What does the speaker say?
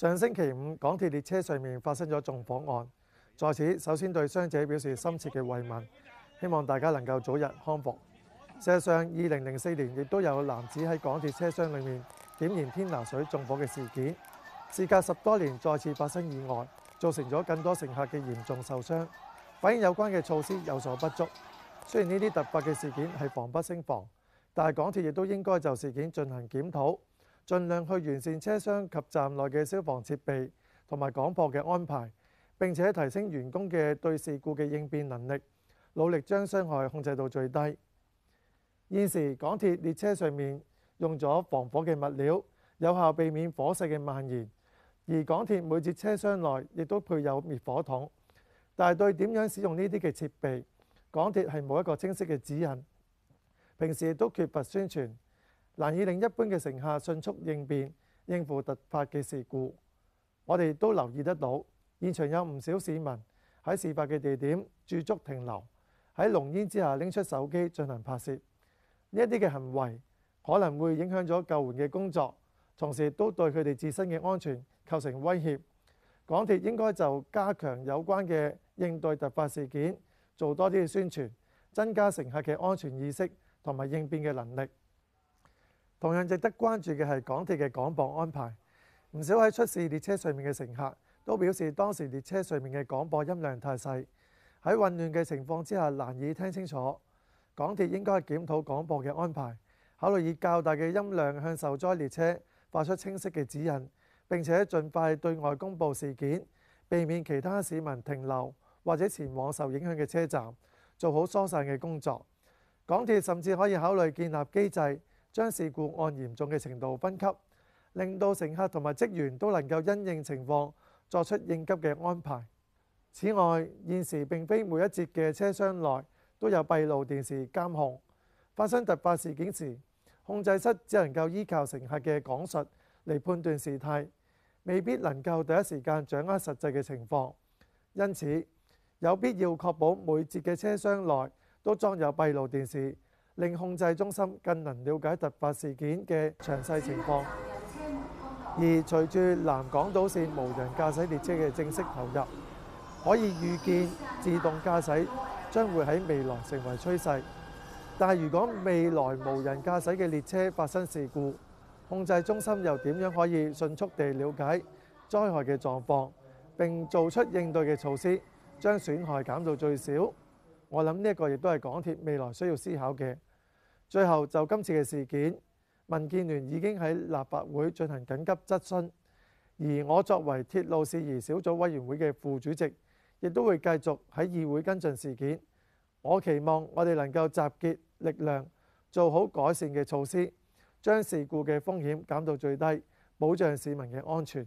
上星期五，港鐵列車上面發生咗縱火案，在此首先對傷者表示深切嘅慰問，希望大家能夠早日康復。事實上，二零零四年亦都有男子喺港鐵車廂裡面點燃天拿水縱火嘅事件，事隔十多年再次發生意外，造成咗更多乘客嘅嚴重受傷，反映有關嘅措施有所不足。雖然呢啲突發嘅事件係防不勝防，但係港鐵亦都應該就事件進行檢討。盡量去完善車廂及站內嘅消防設備同埋廣播嘅安排，並且提升員工嘅對事故嘅應變能力，努力將傷害控制到最低。現時港鐵列車上面用咗防火嘅物料，有效避免火勢嘅蔓延。而港鐵每節車廂內亦都配有滅火筒，但係對點樣使用呢啲嘅設備，港鐵係冇一個清晰嘅指引，平時亦都缺乏宣傳。難以令一般嘅乘客迅速應變，應付突發嘅事故。我哋都留意得到，現場有唔少市民喺事發嘅地點駐足停留，喺濃煙之下拎出手機進行拍攝。呢一啲嘅行為可能會影響咗救援嘅工作，同時都對佢哋自身嘅安全構成威脅。港鐵應該就加強有關嘅應對突發事件，做多啲嘅宣傳，增加乘客嘅安全意識同埋應變嘅能力。同樣值得關注嘅係港鐵嘅廣播安排，唔少喺出事列車上面嘅乘客都表示，當時列車上面嘅廣播音量太細，喺混亂嘅情況之下難以聽清楚。港鐵應該係檢討廣播嘅安排，考慮以較大嘅音量向受災列車發出清晰嘅指引，並且盡快對外公佈事件，避免其他市民停留或者前往受影響嘅車站，做好疏散嘅工作。港鐵甚至可以考慮建立機制。將事故按嚴重嘅程度分級，令到乘客同埋職員都能夠因應情況作出應急嘅安排。此外，現時並非每一節嘅車廂內都有閉路電視監控，發生突發事件時，控制室只能夠依靠乘客嘅講述嚟判斷事態，未必能夠第一時間掌握實際嘅情況。因此，有必要確保每節嘅車廂內都裝有閉路電視。令控制中心更能了解突發事件嘅詳細情況，而隨住南港島線無人駕駛列車嘅正式投入，可以預見自動駕駛將會喺未來成為趨勢。但係如果未來無人駕駛嘅列車發生事故，控制中心又點樣可以迅速地了解災害嘅狀況，並做出應對嘅措施，將損害減到最少？我諗呢一個亦都係港鐵未來需要思考嘅。最後，就今次嘅事件，民建聯已經喺立法會進行緊急質詢，而我作為鐵路事宜小組委員會嘅副主席，亦都會繼續喺議會跟進事件。我期望我哋能夠集結力量，做好改善嘅措施，將事故嘅風險減到最低，保障市民嘅安全。